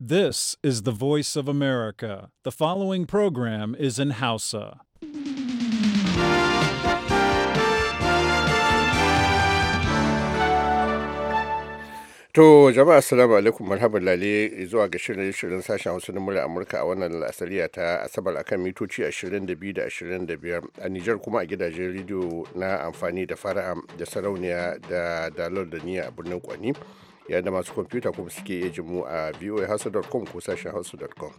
This is the voice of America. The following program is in Hausa. To jama'a assalamu alaikum marhaban lale zuwa ga shirin shirin sashen Hausa na murya Amurka a wannan lasariya ta Asabar akan mitoci 22 da 25 a Nijar kuma a gidajen rediyo na amfani da fara'am da sarauniya da dalar da niyya a birnin Kwani. yadda masu kwamfuta kuma suke iya jimu a voahausa.com ko sashen hausa.com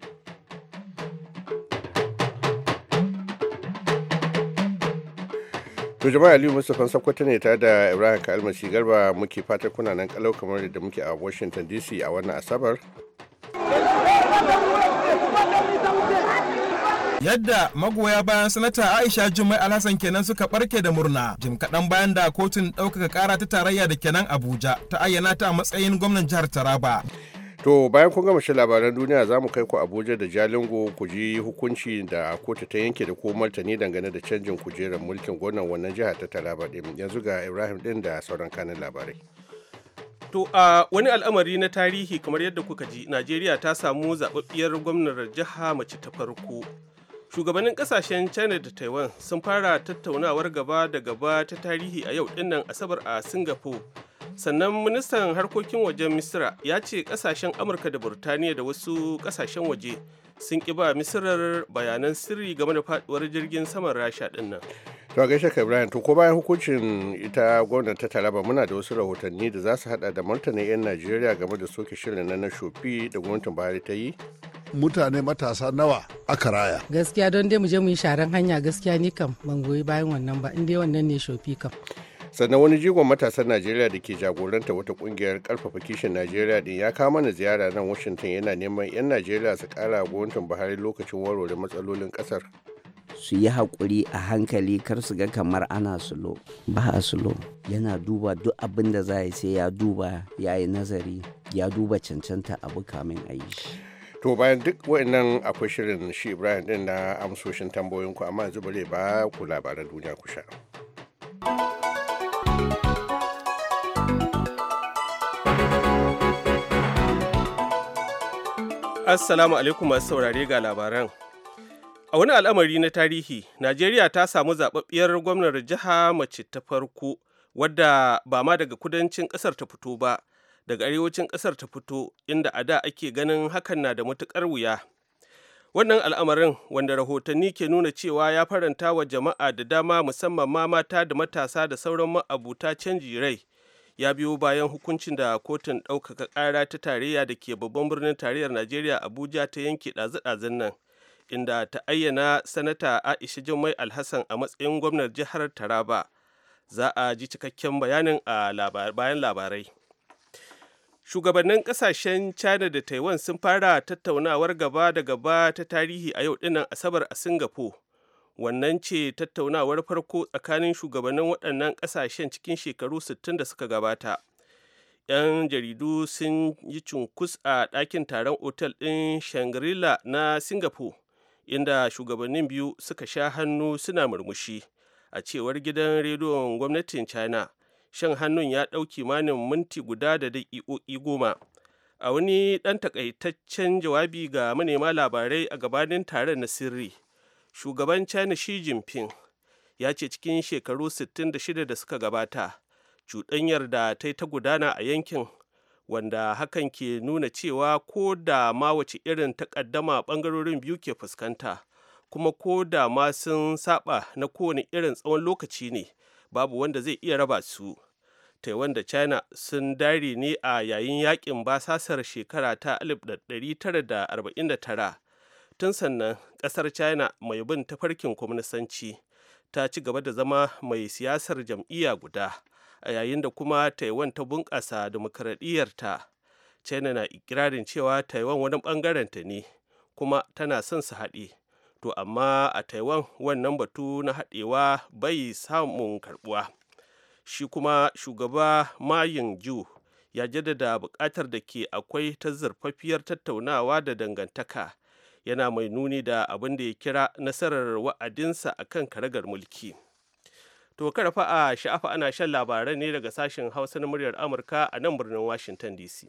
to jama'a aliyu mustapha sakwata ne ta da ibrahim masi garba muke fatar kuna nan kalau kamar da muke a washington dc a wannan asabar yadda magoya bayan sanata aisha jummai alhassan kenan suka barke da murna jim kaɗan bayan da kotun ɗaukaka ƙara ta tarayya da kenan abuja ta ayyana ta a matsayin gwamnan jihar taraba to bayan kun gama labaran duniya za mu kai ku abuja da jalingo ku ji hukunci da kotu ta yanke da ko martani dangane da canjin kujerar mulkin gwamnan wannan jiha ta taraba ɗin yanzu ga ibrahim ɗin da sauran kanin labarai To a wani al'amari na tarihi kamar yadda kuka ji, Najeriya ta samu zaɓaɓɓiyar gwamnar jiha mace ta farko. shugabannin kasashen china da taiwan sun fara tattaunawar gaba da gaba ta tarihi a yau dinnan asabar a singapore sannan ministan harkokin wajen misira ya ce kasashen amurka da burtaniya da wasu kasashen waje sun ƙi ba misirar bayanan sirri game da faduwar jirgin saman rasha dinnan to a gaishe ibrahim to ko bayan hukuncin ita gwamnati ta taraba muna da wasu rahotanni da za su hada da martanin 'yan najeriya game da soke shirin na na shofi da gwamnatin buhari ta yi mutane matasa nawa aka raya gaskiya don dai mu je mu yi sharan hanya gaskiya ni kam ban goyi bayan wannan ba inda wannan ne shofi kam sannan wani jigon matasan najeriya da ke jagoranta wata kungiyar karfafa kishin najeriya din ya kama na ziyara nan washington yana neman 'yan najeriya su kara gwamnatin buhari lokacin warware matsalolin kasar su yi haƙuri a hankali kar su ga kamar ana sulo ba a sulo yana duba duk abin da za a yi sai ya duba ya yi nazari ya duba cancanta abu kamin a yi to bayan duk wa'annan akwai shirin shi ibrahim din na amsoshin tambayoyinku amma yanzu bare ba ku labaran duniya ku sha Assalamu alaikum masu saurare ga labaran. a wani al'amari na tarihi najeriya ta samu zaɓaɓɓiyar gwamnar jiha mace ta farko wadda ba ma daga kudancin ƙasar ta fito ba daga arewacin ƙasar ta fito inda a da ake ganin hakan na da matuƙar wuya wannan al'amarin wanda rahotanni ke nuna cewa ya faranta wa jama'a da dama musamman ma mata da matasa da sauran ma'abuta canji rai ya biyo bayan hukuncin da kotun ɗaukaka ƙara ta tarayya da ke babban birnin tarayyar najeriya abuja ta yanke ɗazu-ɗazun nan inda ta ayyana sanata aisha jummai alhassan a matsayin gwamnar jihar taraba za a ji cikakken bayanin a bayan labarai shugabannin kasashen china da taiwan sun fara tattaunawar gaba da gaba ta tarihi a yau dinnan asabar a singapore wannan ce tattaunawar farko tsakanin shugabannin waɗannan kasashen cikin shekaru 60 da suka gabata 'yan jaridu sun yi cunkus a ɗakin taron otal ɗin shangri na singapore inda shugabannin biyu suka sha hannu suna murmushi a cewar gidan rediyon gwamnatin china shan hannun ya ɗauki manin minti guda da daƙiƙoƙi goma a wani ɗan takaitaccen jawabi ga manema labarai a gabanin taron na sirri shugaban china shi jinping ya ce cikin shekaru 66 da suka gabata cuɗanyar da ta yi ta gudana a yankin wanda hakan ke nuna cewa ko da ma wace irin takaddama bangarorin biyu ke fuskanta kuma ko da ma sun saba na kowane irin tsawon lokaci ne babu wanda zai iya raba su taiwan da china sun dare ne a yayin yakin basasar shekara ta 1949 tun sannan kasar china mai bin tafarkin kwamnisanci ta ci gaba da zama mai siyasar jam'iyya guda a yayin da kuma taiwan ta bunƙasa demokaradiyyarta china na ikirarin cewa taiwan wani ta ne kuma tana son su haɗe to amma a taiwan wannan batu na haɗewa bai samun karɓuwa shi kuma shugaba mayin ju ya jaddada buƙatar da ke akwai ta zurfafiyar tattaunawa da dangantaka yana mai nuni da abin da ya kira nasarar wa'adinsa akan karagar mulki. To kada fa a sha'afa ana shan labarai ne daga sashen Hausa na muryar Amurka a nan birnin Washington DC.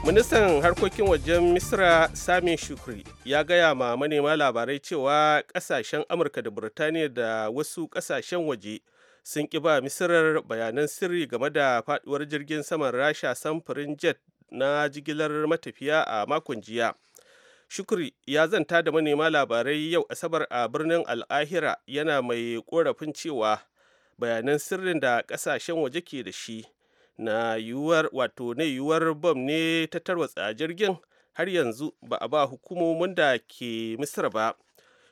Ministan harkokin wajen Misra Sami Shukri ya gaya ma manema labarai cewa kasashen Amurka da Burtaniya da wasu kasashen waje sun ƙi ba Misirar bayanan sirri game da faduwar jirgin saman Rasha samfurin jet na jigilar matafiya a makon jiya shukri ya zanta da manema labarai yau asabar a birnin al'ahira yana mai korafin cewa bayanan sirrin da kasashen waje ke da shi na yiwuwar wato na yiwuwar bom ne ta tarwatsa jirgin har yanzu ba a ba hukumomin da ke misra ba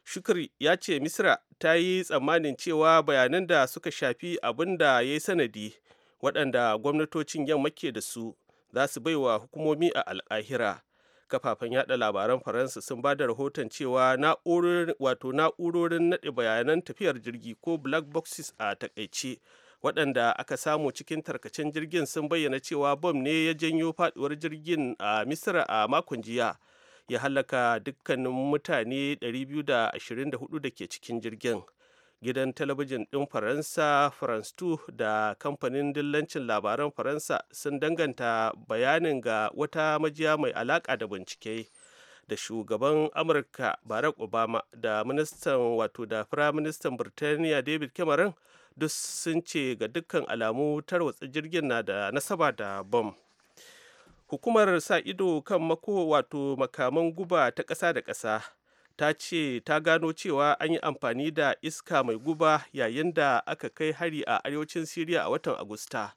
shukri ya ce misra ta yi tsammanin cewa bayanan da suka shafi abin da ya yi sanadi waɗanda gwamnatocin yamma ke da su za su baiwa hukumomi a alkahira kafafen yada labaran faransa sun ba da rahoton cewa wato na'urorin naɗe bayanan tafiyar jirgi ko black boxes a takaice waɗanda aka samu cikin tarkacen jirgin sun bayyana cewa bom ne ya janyo faɗuwar jirgin a misira a makon jiya ya halaka dukkanin mutane 224 da ke cikin jirgin gidan talabijin ɗin faransa france 2 da kamfanin dillancin labaran faransa sun danganta bayanin ga wata majiya mai alaƙa da bincike da shugaban amurka barack obama da ministan wato da firaministan birtaniya david cameron duk sun ce ga dukkan alamu tarwatsa jirgin na da nasaba da bom hukumar sa ido kan mako wato makaman guba ta ƙasa da ƙasa ta ce ta gano cewa an yi amfani da iska mai guba yayin da aka kai hari a arewacin siriya a watan agusta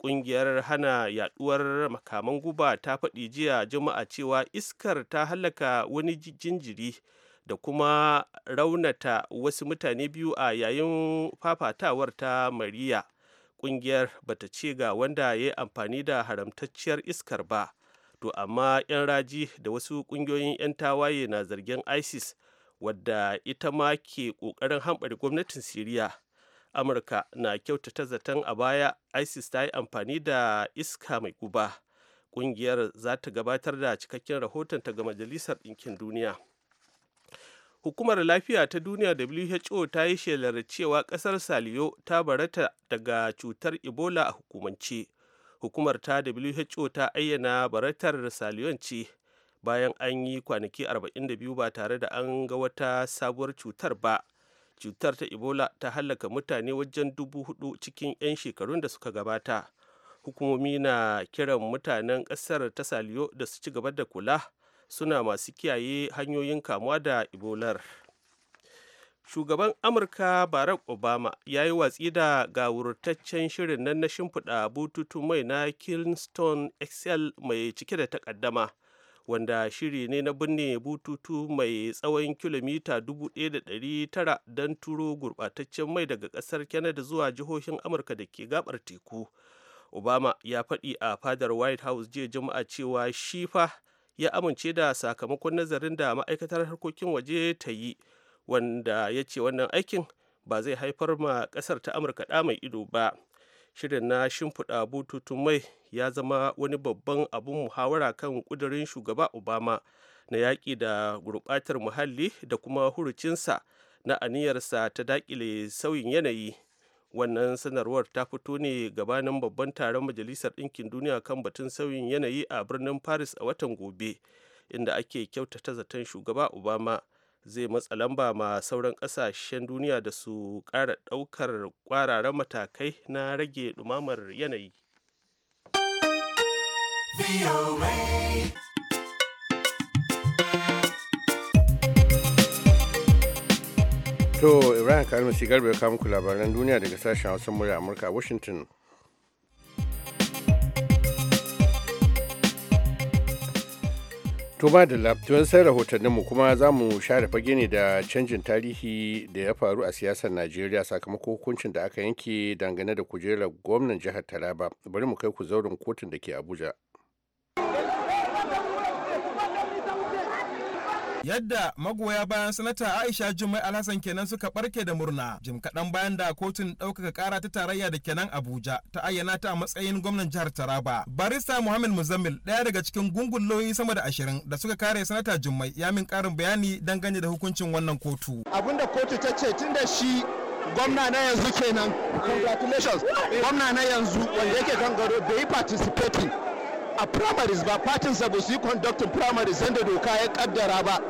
kungiyar hana yaduwar makaman guba ta faɗi jiya juma'a cewa iskar ta hallaka wani jinjiri da kuma raunata wasu mutane biyu a yayin fafatawar ta mariya kungiyar bata ce ga wanda ya yi amfani da haramtacciyar iskar ba to amma 'yan raji da wasu kungiyoyin 'yan tawaye na zargin isis wadda ita ma ke ƙoƙarin hamɓar gwamnatin siriya amurka na kyautata zaton a baya isis ta yi amfani da iska mai guba ƙungiyar za ta gabatar da cikakken rahoton ta ga majalisar ɗinkin duniya hukumar lafiya ta duniya who ta yi shelar cewa ƙasar saliyo ta barata daga cutar ebola a hukumance hukumar ta who ta ayyana baratar saliyon ce bayan an yi kwanaki 42 ba tare da an ga wata sabuwar cutar ba cutar ta ebola ta hallaka mutane wajen dubu hudu cikin 'yan shekarun da suka gabata hukumomi na kiran mutanen ƙasar ta saliyo da su ci gaba da kula suna masu kiyaye hanyoyin kamuwa da ebolar shugaban amurka barack obama ya yi watsi da gawurtaccen shirin nan na shimfiɗa bututun mai na kingston xl mai cike da takaddama wanda shiri ne na binne bututu mai tsawon kilomita 1,900 don turo gurɓataccen mai daga ƙasar canada zuwa jihohin amurka da ke gabar teku obama ya faɗi a fadar white house jiya juma'a cewa shifa ya amince da sakamakon nazarin da ma'aikatar harkokin waje ta yi wanda ya ce wannan aikin ba zai haifar ma kasar ta amurka da mai ido ba shirin na shimfiɗa bututun mai ya zama wani babban abin muhawara kan ƙudurin shugaba obama na yaƙi da gurɓatar muhalli da kuma hurucinsa na aniyarsa ta daƙile sauyin yanayi wannan sanarwar ta fito ne gabanin babban taron majalisar ɗinkin duniya kan batun sauyin yanayi a birnin paris a watan gobe inda ake kyautata zaton shugaba obama zai matsa lamba ma sauran kasashen duniya da su kara daukar kwararren matakai na rage dumamar yanayi. To Ibrahim Kalmasi Garba ya kawo muku labaran duniya daga sashen Hausa murya Amurka a Washington. To ba da labtuwan sai rahotanninmu kuma za mu share fage ne da canjin tarihi da ya faru a siyasar Najeriya sakamakon hukuncin da aka yanke dangane da kujerar gwamnan jihar Taraba. Bari mu kai ku zauren kotun da ke Abuja Yadda magoya bayan sanata Aisha Jummai Alhassan kenan suka barke da murna jim kaɗan bayan da kotun ɗaukaka kara ta tarayya da kenan Abuja ta ayyana ta a matsayin gwamnan jihar Taraba. Barista Muhammad muzamil ɗaya daga cikin gungun lauyi sama da ashirin da suka kare sanata Jummai ya min ƙarin bayani dangane da hukuncin wannan kotu. Abinda kotu ta ce tun da shi gwamna na yanzu kenan congratulations gwamna na yanzu wanda yake kan gado bai participating a primaries ba fatinsa ba su yi conducting primaries yadda doka ya kaddara ba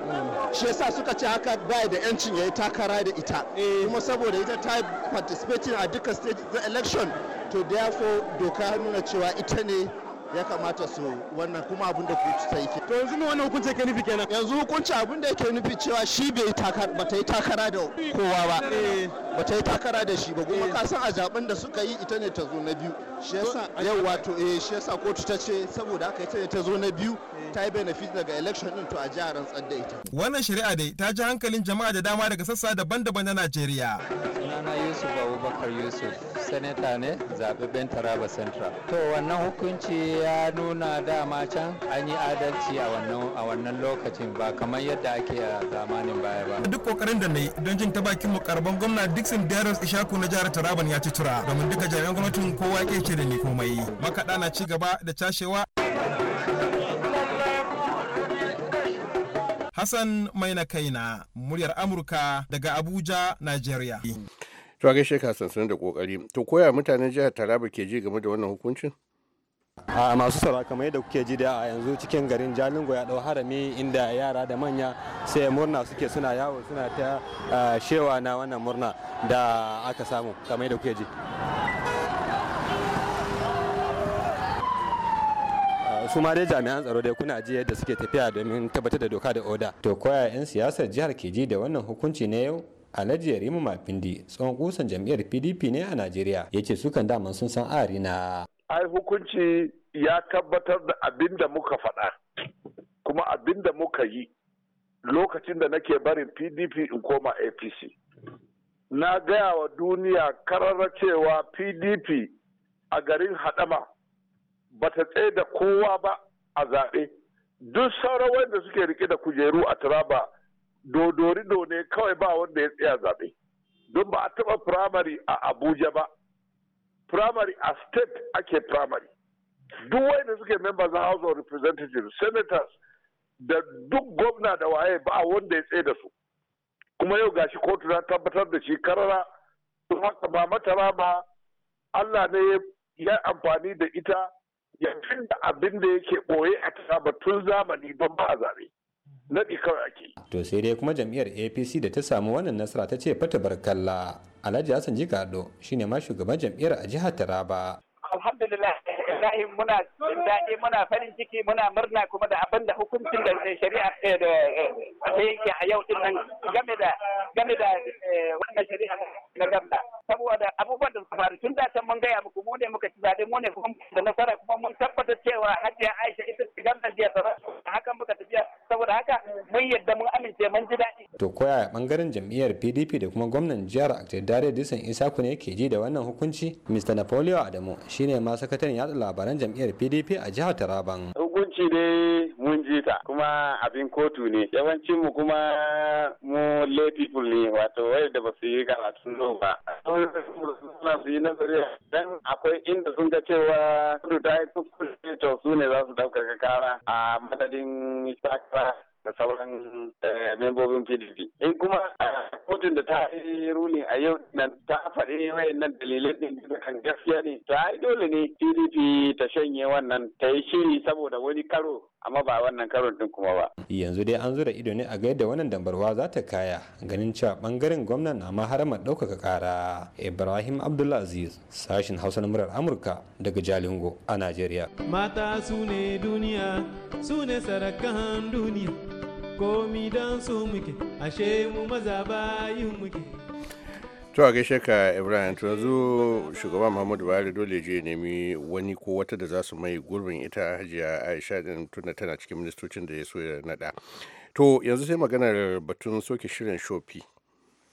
shi yasa suka ce haka baya da yancin ya yi takara da ita eh. kuma saboda ita ta participating a duka stage the election to therefore doka ya nuna cewa ita ne ya kamata su wannan kuma abin da kotu ta yi to yanzu me wannan hukunci ke nufi kenan yanzu hukunci abin da yake nufi cewa shi bai takara bata yi takara da kowa ba eh. bata yi takara da shi ba kuma eh. ka san a zaben da suka yi ita ne ta zo na biyu yau wato eh, shi yasa kotu ta ce saboda haka ita ta zo na biyu ta yi benefit daga election din to a jihar rantsar ita wannan shari'a dai ta ji hankalin jama'a da dama daga sassa daban-daban na Najeriya sunana Yusuf Abubakar Yusuf senator ne zaɓaɓɓen Taraba Central to wannan hukunci ya nuna dama can an yi adalci a wannan a lokacin ba kamar yadda ake a zamanin baya ba duk kokarin da na yi don jin ta bakin mu karban gwamna Dixon Darius Ishaku na jihar Taraban ya ci tura domin duka jami'an gwamnatin kowa ke dauke da komai makaɗa na ci gaba da cashewa Hassan Maina Kaina, muryar Amurka daga Abuja, Nigeria. To a gaishe ka sansanin da kokari. To koya mutanen jihar Taraba ke ji game da wannan hukuncin? a masu saura kamar yadda kuke ji da a yanzu cikin garin jalingo ya dau harami inda yara da manya sai murna suke suna yawo suna ta shewa na wannan murna da aka samu kamar yadda kuke ji su ma dai jami'an tsaro dai kuna ji yadda suke tafiya domin tabbatar da doka da oda to koya 'yan siyasar jihar keji da wannan hukunci ne yau Alhaji Yarimu Mafindi tsohon kusan jam'iyyar PDP ne a Najeriya ya ce su kan daman sun san ari na. Ai hukunci ya tabbatar da abin da muka faɗa kuma abin da muka yi lokacin da nake barin PDP in koma APC. Na gaya wa duniya kararra cewa PDP a garin Hadama. ba ta tsaye da kowa ba a zaɓe duk sauran wanda suke rike da kujeru a turaba, dodori ne kawai ba wanda ya tsaya zaɓe don ba a taɓa firamare a abuja ba firamare a state ake firamare duk wanda suke members na house of representatives senators da duk gwamna da waye ba a wanda ya tsaye da su kuma yau gashi kotu na tabbatar da shi karara ba mata ba Allah ne ya amfani da ita ya da abin da yake ɓoye a ta tun zamani don ba a zaɓe naɗi kawai ake to sai dai kuma jam'iyyar apc da ta samu wannan nasara ta ce fata barkalla alhaji hassan jikado shine ma shugaban jam'iyyar a jihar taraba alhamdulillah wallahi muna jin daɗi muna farin ciki muna murna kuma da abin da hukuncin da eh, shari'a eh, da ta eh, yanke a yau din nan game da game da wannan shari'a na gamba saboda abubuwan da faru tun da can mun gaya muku mu ne muka ci zaɓe mu ne kuma da nasara kuma mun tabbatar cewa hajiya Aisha ita ce gamban jiya haka muka tafiya saboda haka mun yadda mun amince mun ji daɗi. to koya ɓangaren jam'iyyar pdp da kuma gwamnan jihar aktadare disan isaku ne ke ji da wannan hukunci mr napoleon adamu shine ma sakataren yatsa labaran jam'iyyar pdp a jihar taraban hukunci dai mun ji ta kuma abin kotu ne yawancin mu kuma mu lay people ne wato da ba su yi karatu no ba suna su yi nazari dan akwai inda sun ga cewa kudu ta yi to su ne za su ka kara a madadin sakara da sauran eh, membobin pdp in kuma kotun da ta yi ruling a yau nan ta faɗi wayannan dalilai ɗin da kan gaskiya ne to yi dole ne pdp ta shanye wannan ta yi shiri saboda wani karo amma ba wannan karon din kuma ba. Yanzu dai an zura ido ne a ga yadda wannan dambarwa za ta kaya ganin cewa bangaren gwamnan na ma haramar ɗaukaka ƙara. Ibrahim Abdulaziz sashin Hausa na murar Amurka daga Jalingo a Najeriya. Mata su ne duniya su ne sarakan duniya komi dan su muke ashe mu maza bayin muke. to a gaishe ka ibrahim to yanzu shugaban muhammadu buhari dole je nemi wani ko wata da za su mai gurbin ita hajiya aisha din tunda tana cikin ministocin da ya so ya nada to yanzu sai maganar batun soke shirin shofi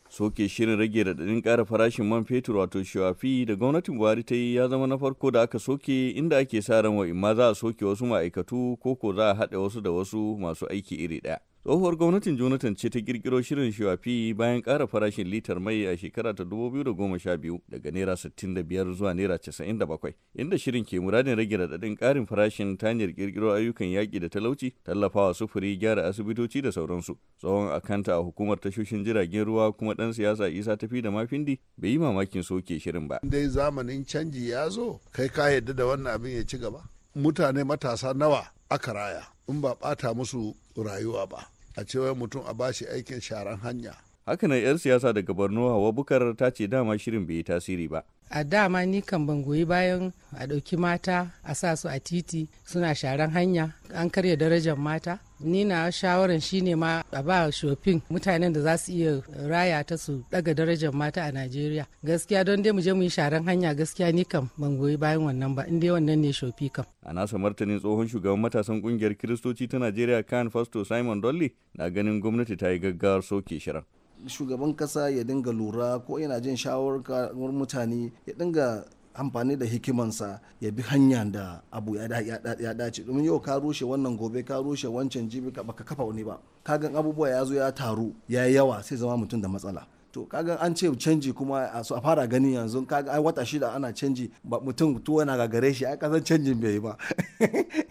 soke shirin rage radadin kara farashin man fetur wato shafi da gwamnatin buhari ta yi ya zama na farko da aka soke inda ake sa ran wa imma za a soke wasu ma'aikatu ko ko za a haɗa wasu da wasu masu aiki iri ɗaya tsohuwar gwamnatin jonathan ce ta kirkiro shirin shafi bayan kara farashin litar mai a shekara ta 2012 daga naira 65 zuwa naira 97 inda shirin ke muradin rage radadin karin farashin ta hanyar kirkiro ayyukan yaƙi da talauci tallafawa sufuri gyara asibitoci da sauransu tsohon akanta a hukumar tashoshin jiragen ruwa kuma ɗan siyasa isa ta fi da mafindi bai yi mamakin soke shirin ba dai zamanin canji ya zo kai ka yadda da wannan abin ya ci gaba mutane matasa nawa aka raya in ba bata musu rayuwa ba a cewa mutum a bashi aikin sharan hanya haka na 'yar siyasa daga borno hawa bukar ta ce dama shirin bai yi tasiri ba a dama ni kan ban goyi bayan a ɗauki mata a sa su a titi suna sharan hanya an karya darajar mata nina na shawaran shine ma a ba shofin mutanen da za su iya raya ta su daga darajar mata a najeriya gaskiya don dai mu je mu yi sharan hanya gaskiya ni kam ban goyi bayan wannan ba inda dai wannan ne shofi kam a nasa martanin tsohon shugaban matasan kungiyar kiristoci ta najeriya kan fasto simon dolly na ganin gwamnati ta yi gaggawar soke shirin shugaban kasa ya dinga lura ko yana jin shawarar mutane ya dinga amfani da hikimansa ya bi hanya da abu ya dace domin yau ka rushe wannan gobe ka rushe wancan jibi baka kafa wani ba ka kagan abubuwa ya zo ya taru ya yawa sai zama mutum da matsala to kaga an ce canji kuma a so a fara gani yanzu kaga ai wata shida ana canji ba mutum tuwa yana gare shi ai kasan canjin bai yi ba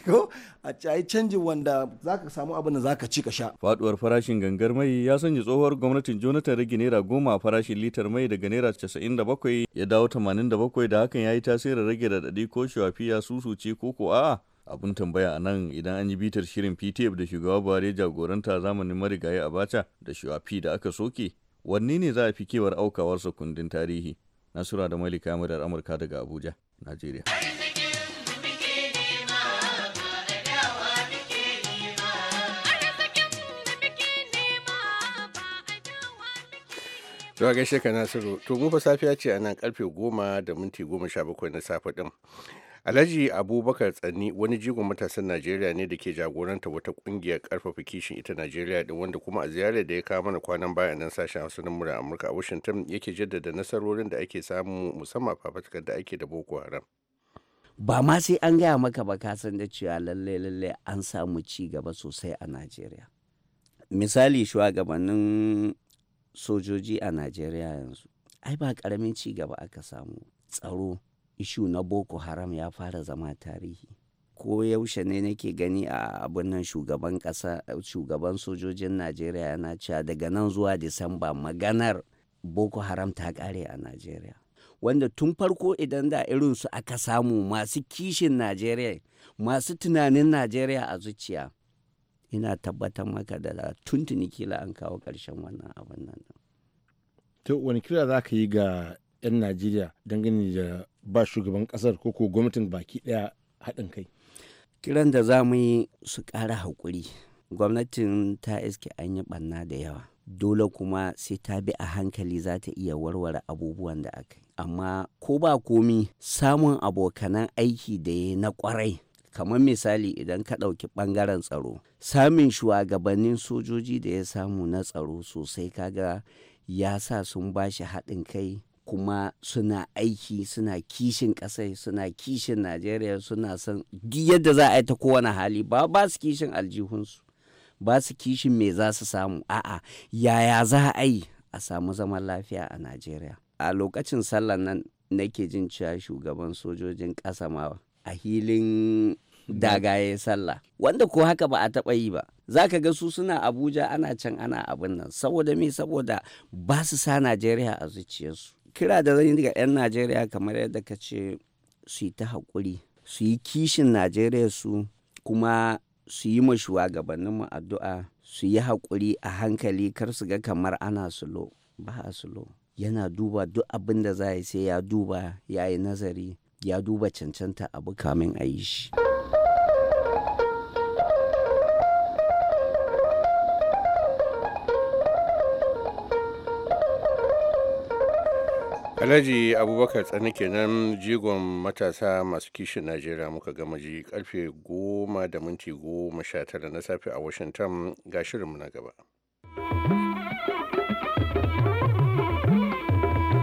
ko a ci ai canji wanda zaka samu abin da zaka ci ka sha faduwar farashin gangar mai ya sanya tsohuwar gwamnatin Jonathan rage naira goma a farashin litar mai daga naira 97 ya dawo 87 da hakan ya yi tasirin rage radadi ko ya susuce ko ko a'a abun tambaya a nan idan an yi bitar shirin ptf da shugaba bare jagoranta zamanin marigayi abacha da shuwafi da aka soke wanne ne za a fi kewar aukawarsa kundin tarihi nasura da malika murar amurka daga abuja najeriya Zuwa gaishe ka Nasiru, to mu fa safiya ce a nan karfe goma da minti goma sha bakwai na safe din. Alhaji Abubakar Tsanni wani jigon matasan Najeriya ne da ke jagoranta wata kungiyar karfafa kishin ita Najeriya din wanda kuma a ziyarar da ya kawo mana kwanan baya nan sashen Hausa na murar Amurka a Washington yake jaddada nasarorin da ake samu musamman fafatukar da ake da Boko Haram. Ba ma sai an gaya maka ba ka san da cewa lallai lallai an samu ci gaba sosai a Najeriya. Misali shugabannin sojoji a Najeriya yanzu. Ai ba karamin ci gaba aka samu tsaro ishu na boko haram ya fara zama tarihi ko yaushe ne nake gani a abin nan shugaban kasa shugaban sojojin najeriya yana cewa daga nan zuwa disamba maganar boko haram ta kare a najeriya wanda tun farko idan da irinsu aka samu masu kishin najeriya masu tunanin najeriya a zuciya ina tabbatar maka da tuntuni kila an kawo ƙarshen wannan abin nan to wani kira za ka yi ga 'yan najeriya dangane da ba shugaban kasar ko ko gwamnatin baki daya haɗin kai kiran da za mu yi su ƙara haƙuri gwamnatin ta iske an yi ɓanna da yawa dole kuma sai ta bi a hankali za ta iya warware abubuwan da aka yi amma ko ba komi samun abokanan aiki da ya na kwarai kamar misali idan ka ɗauki ɓangaren tsaro samun shugabannin sojoji da ya samu na tsaro sosai kaga ya sa sun bashi haɗin kai kuma suna aiki suna kishin kasai suna kishin najeriya suna son yadda za a yi ta kowane hali ba ba su kishin aljihunsu ba su kishin me za su samu a'a yaya za a yi a samu zaman lafiya a najeriya a lokacin sallan nan nake jin cewa shugaban sojojin ƙasa ma a hilin dagaye sallah wanda ko haka ba a taɓa yi ba za ka ga su suna abuja ana can ana abin nan saboda me saboda ba su sa najeriya a zuciyarsu kira da zan yi daga 'yan najeriya kamar yadda ka ce su yi ta haƙuri su yi kishin najeriya su kuma su yi ma shugabanninmu addu'a su yi haƙuri a hankali kar su ga kamar ana sulo ba a sulo yana duba duk abin da za yi sai ya duba ya yi nazari ya duba cancanta abu kamin a yi shi. alhaji abubakar tsani kenan jigon matasa masu kishin najeriya muka gama ji karfe goma da minti goma sha tara na safe a washington ga shirinmu na gaba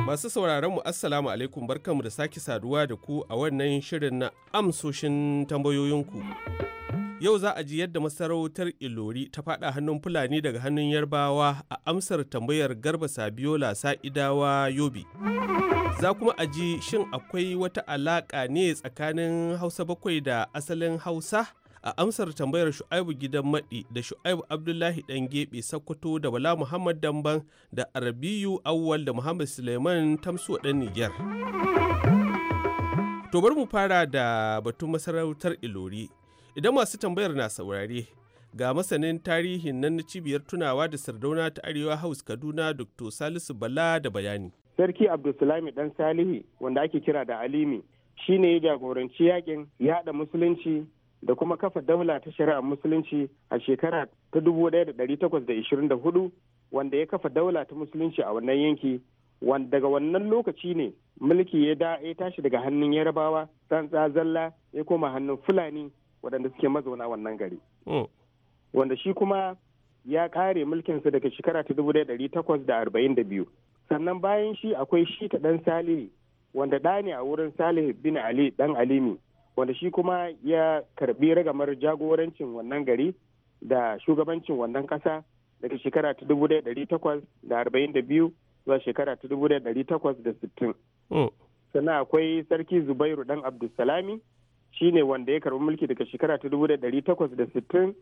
masu sauraron mu assalamu alaikum barkanmu da sake saduwa da ku a wannan shirin na amsoshin tambayoyinku. Yau za a ji yadda masarautar Ilori ta faɗa hannun Fulani daga hannun Yarbawa a amsar tambayar Garba Sabiola Sa'idawa Yobi. Za kuma a ji shin akwai wata alaƙa ne tsakanin Hausa bakwai da asalin Hausa? A amsar tambayar Shu'aibu Gidan Maɗi da Shu'aibu Abdullahi Ɗan Gebe Sakkwato da Bala Muhammad Damban da Arabiyu Awwal da Muhammad Suleiman Tamsuwa ɗan niger To bari mu fara da batun masarautar Ilori Idan masu tambayar na saurare, ga masanin tarihin nan na cibiyar tunawa da sardauna ta Arewa House Kaduna Dr. Salisu Bala da bayani. Sarki Abdulsalami Dan Salihi wanda ake kira da Alimi shine ya jagoranci yakin yaɗa musulunci da kuma kafa daula ta shari'ar musulunci a shekara ta 1824 wanda ya kafa daula ta musulunci a wannan yanki wanda daga wannan lokaci ne mulki ya da ya tashi daga hannun yarabawa tsantsa zalla ya koma hannun fulani waɗanda suke mazauna wannan gari. Hmm. Wanda shi kuma ya kare mulkinsa daga shekara ta dubu ɗari takwas da arba'in da biyu. Sannan bayan shi akwai shi ta ɗan Salihu wanda ɗa ne a wurin Salihu bin Ali ɗan Alimi wanda shi kuma ya karɓi ragamar jagorancin wannan gari da shugabancin wannan ƙasa daga shekara ta dubu ɗari takwas da arba'in da biyu zuwa shekara ta dubu ɗari takwas da sittin. Hmm. Sannan akwai Sarki Zubairu ɗan Abdulsalami shine wanda ya karbi mulki daga shekara ta dubu takwas da sittin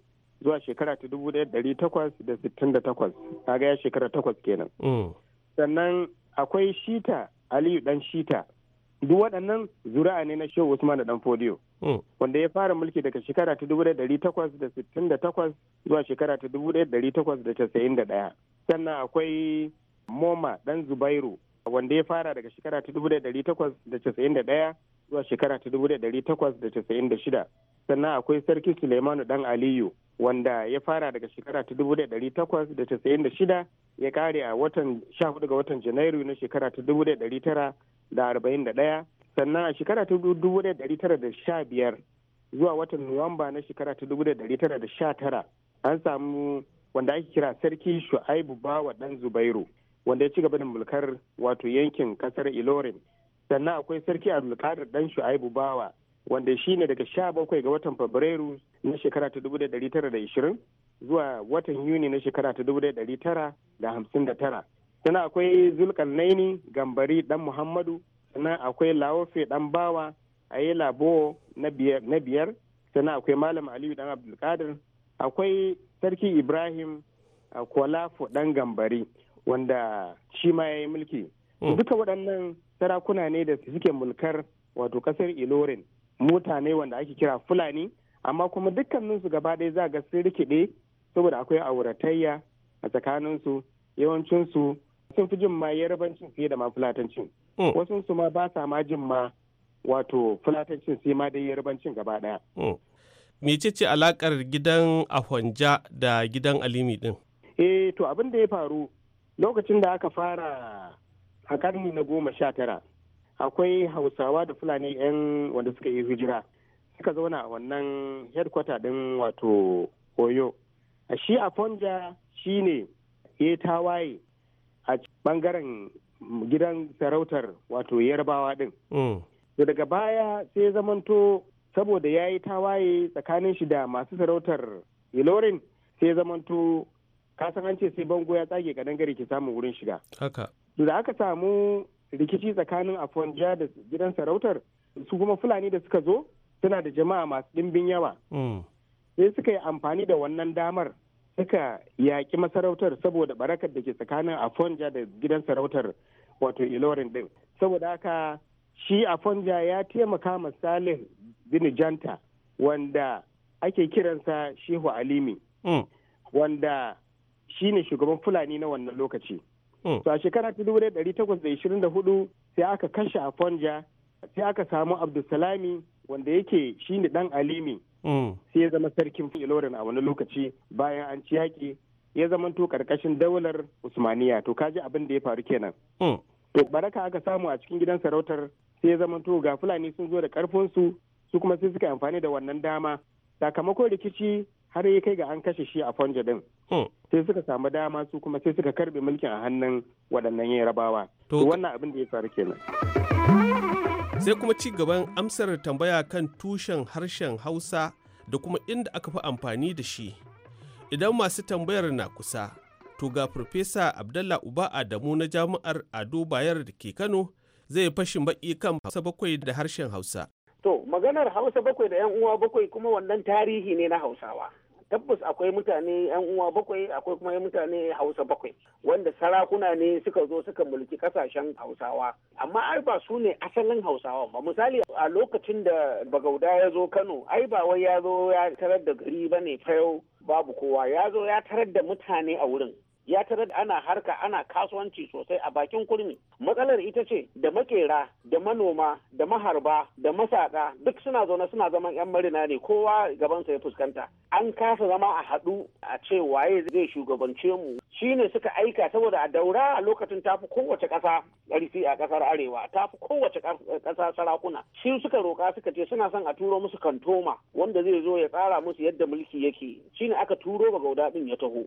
zuwa shekara ta dubu takwas da da sittin takwas. a gaya shekara takwas kenan mm. sannan akwai shita aliyu dan shita duk waɗannan zuri'a ne na shehu usman da dan fodiyo mm. wanda ya fara mulki daga shekara ta dubu takwas da da sittin takwas zuwa shekara ta dubu takwas da da casa'in ɗaya. sannan akwai moma dan zubairu wanda ya fara daga shekara ta dubu takwas da da casa'in ɗaya. zuwa shekara ta dubu da ɗari takwas da casa'in da shida sannan akwai sarki suleimanu dan aliyu wanda ya fara daga shekara ta dubu da ɗari takwas da casa'in da shida ya kare a watan sha hudu ga watan janairu na shekara ta dubu da dari tara da arba'in da daya sannan a shekara ta dubu da dari tara da sha biyar zuwa watan nuwamba na shekara ta dubu da dari tara da sha tara an samu wanda ake kira sarki shu'aibu bawa dan zubairu wanda ya ci gaba da mulkar wato yankin kasar ilorin sannan akwai sarki abdulkadir dan shu'aibu bawa wanda shi ne daga sha bakwai ga watan fabrairu na shekara ta dubu da dari tara da ishirin zuwa watan yuni na shekara ta dubu da dari tara da hamsin da tara sannan akwai naini gambari dan muhammadu sannan akwai lawofe dan bawa a yi labo na biyar sannan akwai malam aliyu dan abdulkadir akwai sarki ibrahim kwalafo dan gambari wanda shi ma ya yi mulki mm. duka waɗannan sarakuna ne da suke mulkar wato kasar ilorin mutane wanda ake kira fulani amma kuma dukkaninsu gaba ɗaya za ga sun rikide saboda akwai auratayya a tsakaninsu yawancinsu sun fi jin ma yarabancin fiye da ma fulatancin hmm. wasu su ma ba sa ma jin ma wato fulatancin sai ma dai yarabancin gaba ɗaya. Hmm. ce alakar gidan ahonja da gidan alimi din eh to abin da ya faru lokacin da aka fara a karni na goma sha tara akwai hausawa da fulani 'yan wanda suka yi hijira suka zauna a wannan headquarter din wato oyo a shi a fonja shi ne ya tawaye a bangaren gidan sarautar wato yarbawa din da mm. daga baya sai ya zamanto saboda ya yi tawaye tsakanin shi da masu sarautar ilorin sai zamanto kasan an ce sai bango ya tsage kadan gari ke samun wurin shiga da aka samu rikici tsakanin afonja da gidan sarautar su kuma fulani da suka zo suna da jama'a masu ɗimbin yawa mm. sai suka yi amfani da wannan damar suka yaƙi masarautar saboda barakar da ke tsakanin afonja da gidan sarautar wato ilorin din saboda haka shi afonja ya taimaka ma salih bin janta wanda ake kiransa shehu alimi mm. wanda shi ne shugaban fulani na wannan lokaci Hmm. to a shekara ta dubu ɗari takwas da ishirin da hudu sai aka kashe afonja sai aka samu abdulsalami wanda yake shi ne dan alimi hmm. sai ya zama sarkin ilorin a wani lokaci bayan an ci yaƙi ya zamanto ƙarƙashin daular usmaniya to kaji abin da ya faru kenan hmm. to baraka aka samu a cikin gidan sarautar sai ya zamanto ga fulani sun zo da ƙarfinsu su kuma sai suka amfani da wannan dama sakamakon rikici har ya kai ga an kashe shi a fonja din hmm. sai suka samu dama su kuma sai suka karbe mulkin a hannun waɗannan rabawa to wannan abin da ya faru kenan sai kuma ci gaban amsar tambaya kan tushen harshen hausa da kuma inda aka fi amfani da shi idan masu tambayar na kusa to ga farfesa abdallah uba adamu na jami'ar ado bayar da ke kano zai fashin baki kan hausa bakwai da harshen hausa to maganar hausa bakwai da yan uwa bakwai kuma wannan tarihi ne na hausawa tabbas akwai mutane yan uwa bakwai akwai kuma yan mutane hausa bakwai wanda sarakuna ne suka zo suka mulki kasashen hausawa amma ai ba su ne asalin hausawa ba misali a lokacin da bagauda ya zo kano ai ba wai ya zo ya tarar da gari ba ne fayau babu kowa ya zo ya tarar da mutane a wurin ya tare da ana harka ana kasuwanci sosai a bakin kurmi matsalar ita ce da makera da manoma da maharba da masaka duk suna zaune suna zaman yan marina ne kowa gabansa ya fuskanta an kasa zama a haɗu a ce waye zai shugabance mu shine suka aika saboda a daura a lokacin tafi kowace ƙasa ƙarfi a ƙasar arewa tafi kowace ƙasa sarakuna shi suka roka suka ce suna son a turo musu kantoma wanda zai zo ya tsara musu yadda mulki yake ne aka turo ga gauda din ya taho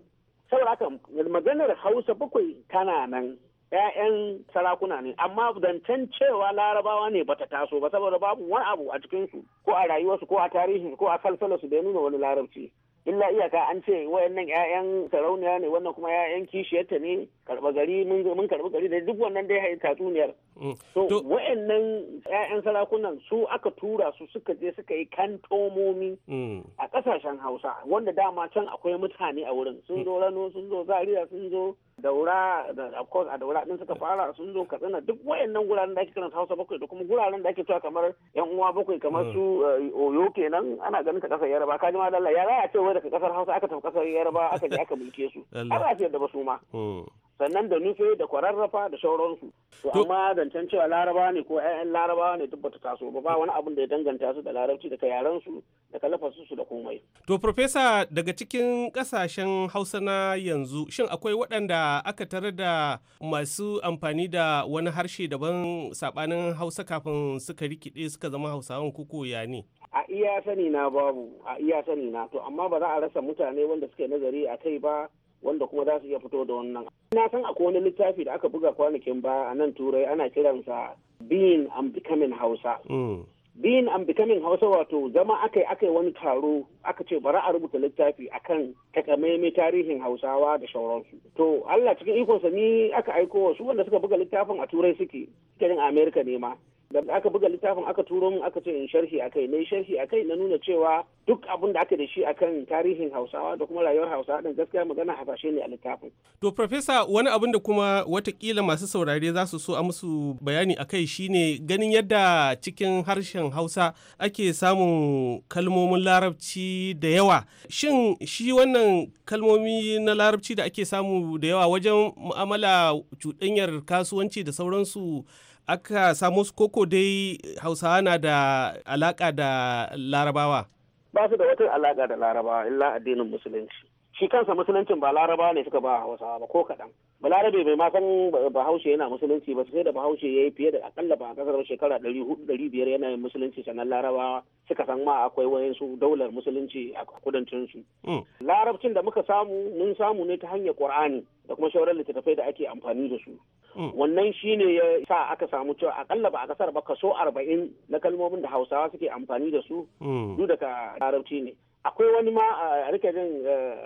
saboda haka maganar hausa bakwai tana nan ‘ya'yan sarakuna ne amma zancen cewa larabawa ne bata taso ba saboda babu wani abu a cikinsu ko a rayuwarsu ko a tarihinsu ko a salsalarsu da ya nuna wani larabci illa iyaka an ce wayannan ƴaƴan sarauniya ne wannan kuma ƴaƴan kishiyarta ne karɓa gari mun mun karba gari da duk wannan dai hayi tatsuniyar mm. so wayannan ƴaƴan sarakunan su aka tura su suka je suka yi kantomomi mm. a ƙasashen Hausa wanda dama can akwai mutane a wurin sun mm. zo Rano sun zo Zaria sun zo daura da of course a daura din suka fara sun zo katsina duk wayannan guraren da ake kiran hausa bakwai da kuma guraren da ake cewa kamar yan uwa bakwai kamar su hmm. eh, oyo kenan ana ganin ta kasar yaraba kajima ma dalla ya za a ce wai daga kasar hausa aka tafi kasar yaraba aka je aka mulke su a ce da ba su ma hmm. sannan da nufe da kwararrafa da sauransu to amma zancen cewa laraba ne ko 'ya'yan laraba ne duk bata taso ba ba wani abin da ya danganta su da larabci daga yaran su da kalafarsu su da komai to profesa daga cikin kasashen hausa na yanzu shin akwai waɗanda aka tare da masu amfani da wani harshe daban sabanin hausa kafin suka rikide suka zama hausawan kuku ya ne a iya sani na babu a iya sani na to amma ba za a rasa mutane wanda suke nazari a kai ba wanda kuma za su iya fito da wannan na san akwai wani littafi da aka buga kwanakin ba a nan turai ana kiransa being and becoming hausa hmm. being and becoming hausa wato zama aka yi aka wani taro aka ce bari a rubuta littafi akan takamaimai tarihin hausawa da shauransu to allah cikin ikonsa ni aka aiko wasu wanda suka buga littafin a turai suke kirin amerika ne ma da aka buga littafin aka turo min aka ce in sharhi akai na sharhi akai na nuna cewa duk abin da aka da shi akan tarihin hausawa da kuma rayuwar hausawa din gaskiya magana hasashe ne a littafin. to profesa wani abin da kuma watakila masu saurare za su so a musu bayani akai shine ganin yadda cikin harshen hausa ake samun kalmomin larabci da yawa shin shi wannan kalmomi na larabci da ake samu da yawa wajen mu'amala cuɗanyar kasuwanci da sauransu aka samu su koko dai hausawa na da alaka da larabawa ba su da wata alaka da larabawa illa addinin musulunci shi kansa musuluncin ba laraba ne suka ba hausawa ba ko kaɗan balarabe bai ma san bahaushe yana musulunci ba sai da bahaushe ya yi fiye da akalla ba a kasar shekara ɗari biyar yana musulunci sannan larabawa suka san ma akwai wayansu daular musulunci a kudancin su hmm. larabcin da muka samu mun samu ne ta hanyar qur'ani da kuma shawarar littattafai da ake amfani da su hmm. wannan shine ya sa aka samu cewa akalla ba a kasar ba kaso arba'in na kalmomin da hausawa suke amfani da su hmm. duk daga larabci ne akwai wani ma a rika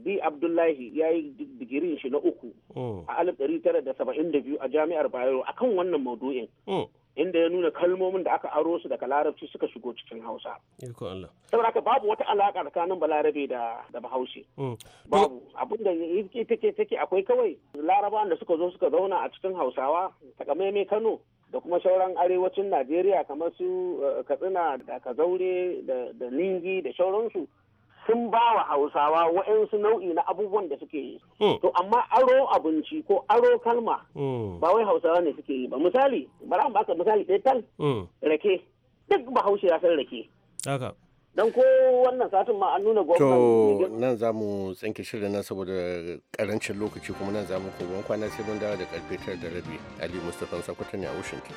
bi abdullahi ya yi digirin shi na uku oh. a alif ɗari tara da saba'in da biyu a jami'ar bayero a kan wannan maudu'in oh. inda ya nuna kalmomin da aka aro su daga larabci suka shigo cikin hausa saboda haka babu wata alaƙa tsakanin balarabe da da bahaushe oh. babu abin da take take akwai kawai larabawan da suka zo suka zauna a cikin hausawa takamaiman kano da kuma sauran arewacin najeriya kamar su eh, katsina da kazaure da ningi da sauransu sun ba wa hausawa waɗansu nau'i na abubuwan da suke yi hmm. to amma aro abinci ko aro kalma hmm. ba wai hausawa ne suke yi ba misali bara an baka misali ɗaya tal hmm. rake duk bahaushe ya san rake don ko wannan satin ma an nuna gwamnati to nan za mu tsinke shirin nan saboda karancin lokaci kuma nan za mu kogon kwana sai mun dawo da karfe tara da rabi ali mustapha sakwata ne a washington